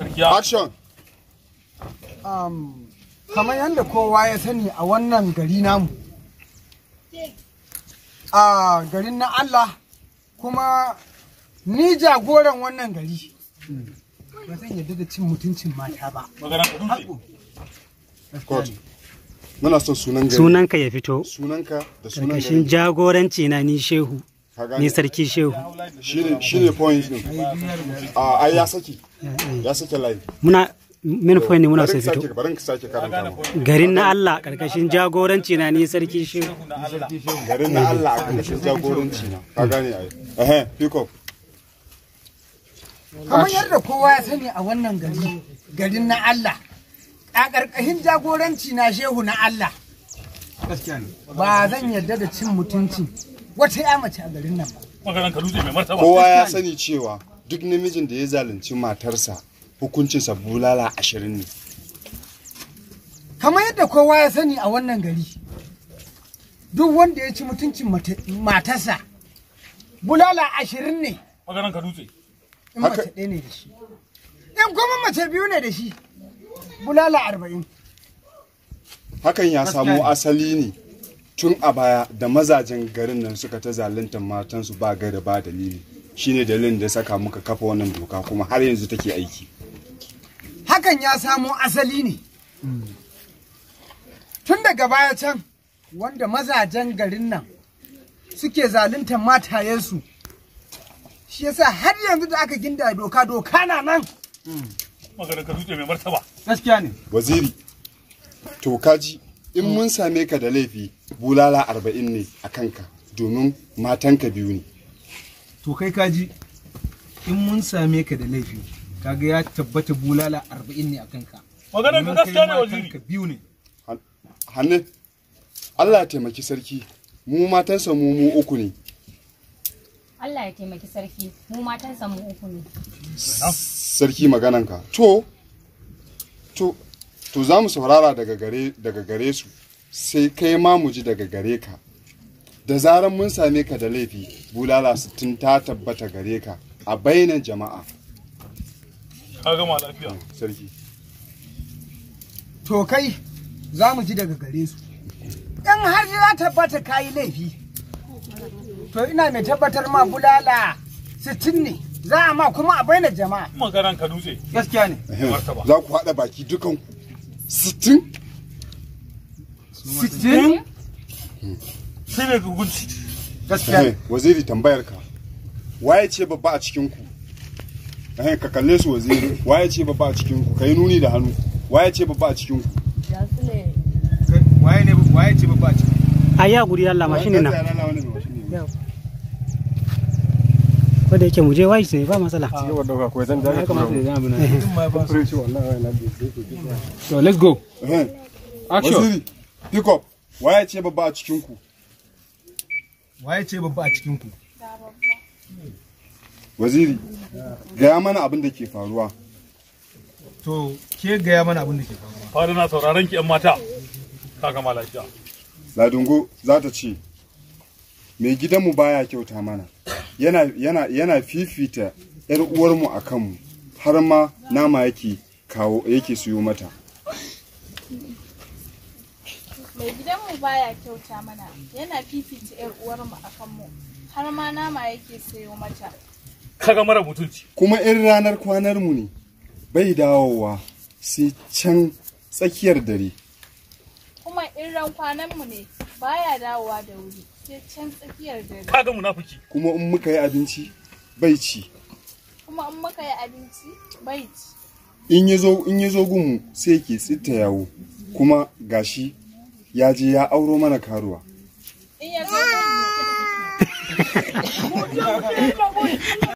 action um, kamar yadda kowa ya sani a wannan gari namu a garin na Allah kuma ni jagoran wannan gari ba zan yadda da cin mutuncin mata ba muna son sunan gari sunanka ya fito sunanka da sunanka jagoranci na ni shehu ne sarki shehu shi ne point din a ai ya saki ya saki line muna min point ne muna so fito ka ka. karin garin na Allah karkashin jagoranci na ni sarki shehu garin na Allah karkashin jagoranci na ka gane ai eh eh pick up kamar yadda kowa ya sani a wannan gari garin na Allah a karkashin jagoranci na shehu na Allah ba zan yarda da cin mutunci wata ya mace a garin nan ba kowa ya sani cewa duk namijin da ya zalunci matarsa hukuncinsa bulala ashirin ne kamar yadda kowa ya sani a wannan gari duk wanda ya ci mutuncin matarsa bulala ashirin ne maganan ka dutse in mace ɗaya ne da shi in kuma mace biyu ne da shi bulala arba'in hakan ya samu asali ne tun a baya da mazajen garin nan suka ta zalunta matansu ba gaira ba dalili shine dalilin da saka muka kafa wannan doka kuma har yanzu take aiki hakan ya samo asali ne tun daga baya can wanda mazajen garin nan suke zalunta matayensu shi yasa har yanzu da aka ginda doka doka na nan maganar ka mai martaba gaskiya ne waziri to kaji in eh. mun same ka da laifi bulala arba'in ne a kanka domin matanka biyu ne to kai kaji in mun same ka da laifi kaga ya tabbata bulala arba'in ne a kanka maganar ka gaskiya ne waziri biyu ne hannu Allah ya taimaki sarki mu matansa mu mu uku ne Allah ya taimaki sarki mu matansa mu uku ne sarki magananka to to to za mu saurara daga gare su sai kai ma mu ji daga gare ka da zaran mun same ka da laifi bulala sittin ta tabbata gare ka a bainan jama'a gama lafiya mm, sarki to kai za mu ji daga gare su in har ya tabbata ka yi laifi to ina mai tabbatar ma bulala sittin ne za a ma kuma a bainar jama'a magaran ka dutse gaskiya ne za ku haɗa baki dukanku sittin sittin hmm. sai ne gugun eh, gaskiya waziri tambayar ka waye ce babba a cikin ku eh ka kalle su waziri waye ce babba a cikin ku kai nuni da hannu waye ce babba a cikin ku waye ne waye ce babba a cikin ayya guri Allah na ko da yake mu je wai sai ba matsala ci gaba dauka ko zan daga kuma sai zan bana din ma ba su wallahi na bi so let's go eh. action pick up waye ce babba a cikin ku waye ce babba a cikin ku waziri gaya mana abin da ke faruwa to ke gaya mana abin da ke faruwa fara na sauraron ki yan mata ka kama lafiya ladungo za ta ce mai gidanmu baya kyauta mana yana fifita yar uwarmu a kanmu har ma nama yake kawo yake suyo mata mai gidanmu baya kyauta mana yana fifita yar uwarmu a kanmu har ma nama yake sayo mata kaga mara mutunci kuma 'yan ranar kwanarmu ne bai dawowa sai can tsakiyar dare kuma 'yan ran kwanarmu ne baya dawowa da wuri Ka ga munafiki. Kuma in muka yi abinci bai ci. Kuma in muka yi abinci bai ci. In ya zo in ya zo gunmu sai yake tsitta yawo kuma gashi ya je ya auro mana karuwa. In ya zo